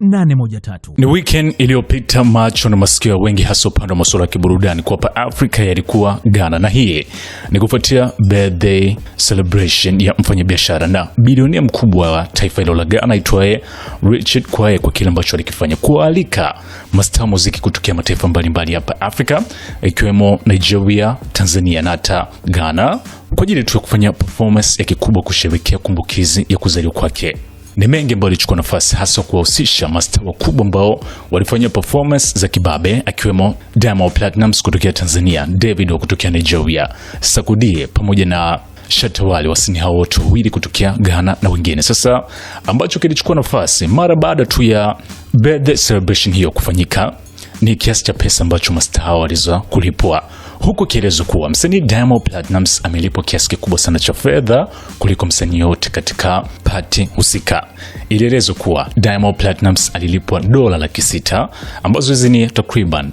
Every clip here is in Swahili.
813. Ni weekend iliyopita macho na masikio ya wengi hasa upande wa masuala ya kiburudani kwapa Afrika yalikuwa Ghana, na hii ni kufuatia birthday celebration ya mfanyabiashara na bilionia mkubwa wa taifa hilo la Ghana aitwaye Richard Kwae kwa kile ambacho alikifanya kualika mastaa muziki kutokea mataifa mbalimbali hapa Afrika ikiwemo Nigeria, Tanzania na hata Ghana kwa ajili tu ya kufanya performance ya kikubwa kusherehekea kumbukizi ya kuzaliwa kwake. Ni mengi ambayo alichukua nafasi hasa kuwahusisha mastaa wakubwa ambao walifanyia performance za kibabe, akiwemo Diamond Platnumz kutokea Tanzania, david wa kutokea Nigeria, Sakudi pamoja na Shatawali, wasanii hao wote wawili kutokea Ghana na wengine. Sasa ambacho kilichukua nafasi mara baada tu ya birthday celebration hiyo kufanyika ni kiasi cha pesa ambacho masta hao walizo kulipwa huku ikielezwa kuwa msanii Diamond Platnumz amelipwa kiasi kikubwa sana cha fedha kuliko msanii yote katika pati husika. Ilielezwa kuwa Diamond Platnumz alilipwa dola laki sita ambazo hizi ni takriban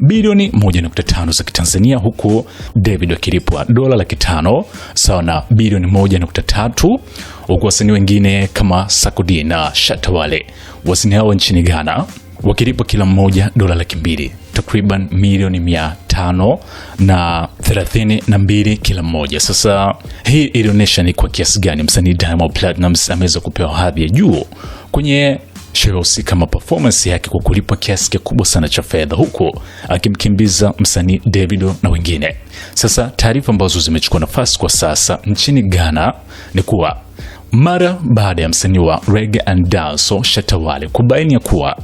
bilioni 1.5 za Kitanzania, huku David wakilipwa dola laki tano sawa na bilioni 1.3, huku wasanii wengine kama Sakudi na Shatawale, wasanii hao nchini Ghana wakilipwa kila mmoja dola laki mbili takriban milioni mia tano na thelathini na mbili kila mmoja. Sasa hii ilionyesha ni kwa kiasi gani msanii Diamond Platnumz ameweza kupewa hadhi ya juu kwenye show husika kama performance yake kwa kulipwa kiasi kikubwa sana cha fedha huku akimkimbiza msanii Davido na wengine. Sasa taarifa ambazo zimechukua nafasi kwa sasa nchini Ghana ni kuwa mara baada ya msanii wa reggae and dancehall Shatawale kubaini ya kuwa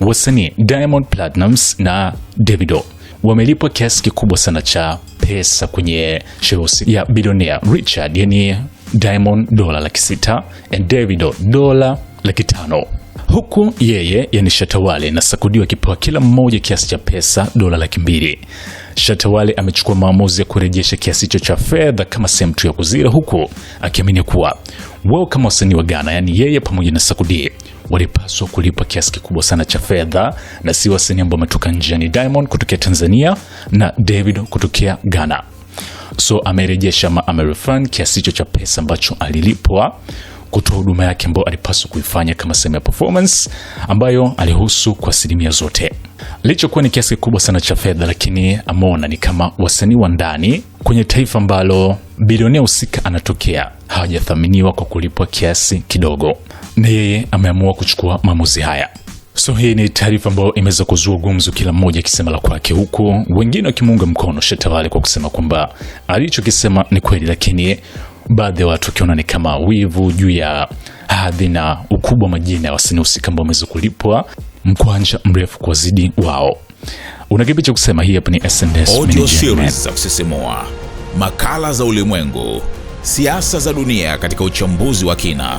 wasanii Diamond Platnumz na Davido wamelipwa kiasi kikubwa sana cha pesa kwenye sherusi ya bilionea Richard, yani Diamond dola laki sita and Davido dola laki tano huku yeye yani Shatawale na Sakudi wakipewa kila mmoja kiasi cha pesa dola laki mbili. Shatawale amechukua maamuzi ya kurejesha kiasi hicho cha fedha kama sehemu tu ya kuzira, huku akiamini kuwa wao kama wasanii wa Ghana, yani yeye pamoja na Sakudi walipaswa kulipa kiasi kikubwa sana cha fedha, na si wasanii ambao wametoka nje, ni Diamond kutokea Tanzania na David kutokea Ghana. So amerejesha ama amerefund kiasi hicho cha pesa ambacho alilipwa kutoa huduma yake ambayo alipaswa kuifanya kama sehemu ya performance ambayo alihusu kwa asilimia zote. Licho kuwa ni kiasi kikubwa sana cha fedha, lakini ameona ni kama wasanii wa ndani kwenye taifa ambalo bilionea husika anatokea hawajathaminiwa kwa kulipwa kiasi kidogo na yeye ameamua kuchukua maamuzi haya. So hii ni taarifa ambayo imeweza kuzua gumzu kila mmoja akisema la kwake, huku wengine wakimuunga mkono Shetawale kwa kusema kwamba alichokisema ni kweli, lakini baadhi ya watu wakiona ni kama wivu juu ya hadhi na ukubwa wa majina ya wasanii husika ambao wameweza kulipwa mkwanja mrefu kwa zidi wao. Una kipi cha kusema? Hii hapa ni za kusisimua, makala za ulimwengu, siasa za dunia katika uchambuzi wa kina